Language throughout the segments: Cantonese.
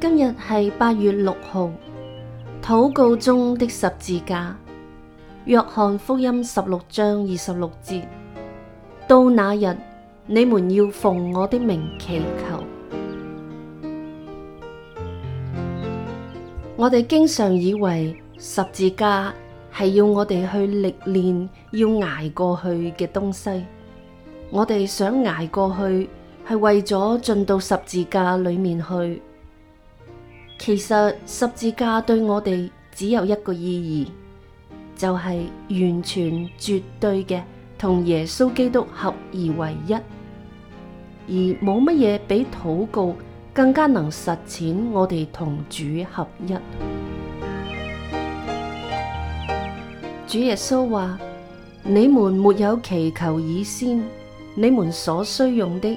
今日係八月六號，禱告中的十字架，約翰福音十六章二十六節。到那日，你們要奉我的名祈求。我哋經常以為十字架係要我哋去歷練，要捱過去嘅東西。我哋想捱過去，係為咗進到十字架裏面去。其實十字架對我哋只有一個意義，就係、是、完全絕對嘅同耶穌基督合而為一，而冇乜嘢比禱告更加能實踐我哋同主合一。主耶穌話：你們沒有祈求以先，你們所需用的，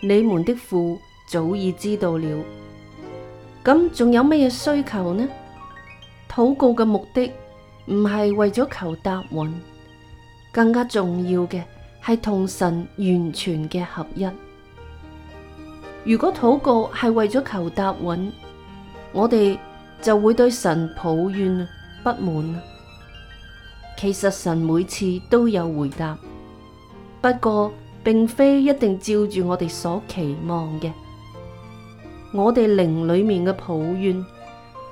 你們的父早已知道了。咁仲有咩嘢需求呢？禱告嘅目的唔係為咗求答允，更加重要嘅係同神完全嘅合一。如果禱告係為咗求答允，我哋就會對神抱怨不滿。其實神每次都有回答，不過並非一定照住我哋所期望嘅。我哋靈裏面嘅抱怨，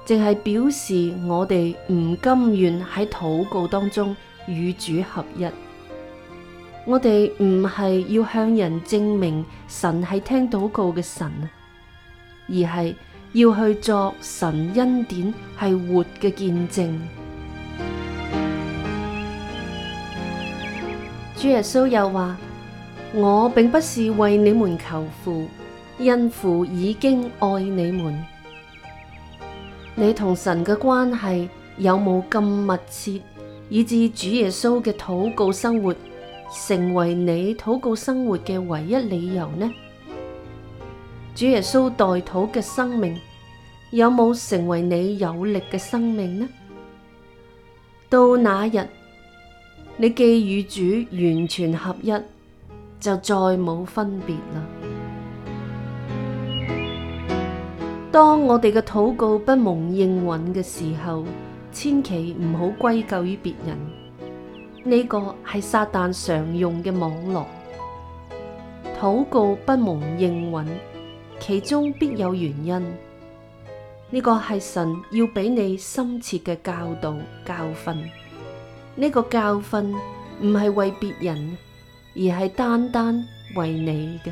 淨係表示我哋唔甘願喺禱告當中與主合一。我哋唔係要向人證明神係聽禱告嘅神，而係要去作神恩典係活嘅見證。主耶穌又話：我並不是為你們求父。恩父已經愛你們，你同神嘅關係有冇咁密切，以致主耶穌嘅禱告生活成為你禱告生活嘅唯一理由呢？主耶穌代禱嘅生命有冇成為你有力嘅生命呢？到那日，你既與主完全合一，就再冇分別啦。當我哋嘅禱告不蒙應允嘅時候，千祈唔好歸咎於別人。呢個係撒旦常用嘅網絡。禱告不蒙應允，其中必有原因。呢個係神要俾你深切嘅教導、教訓。呢個教訓唔係為別人，而係單單為你嘅。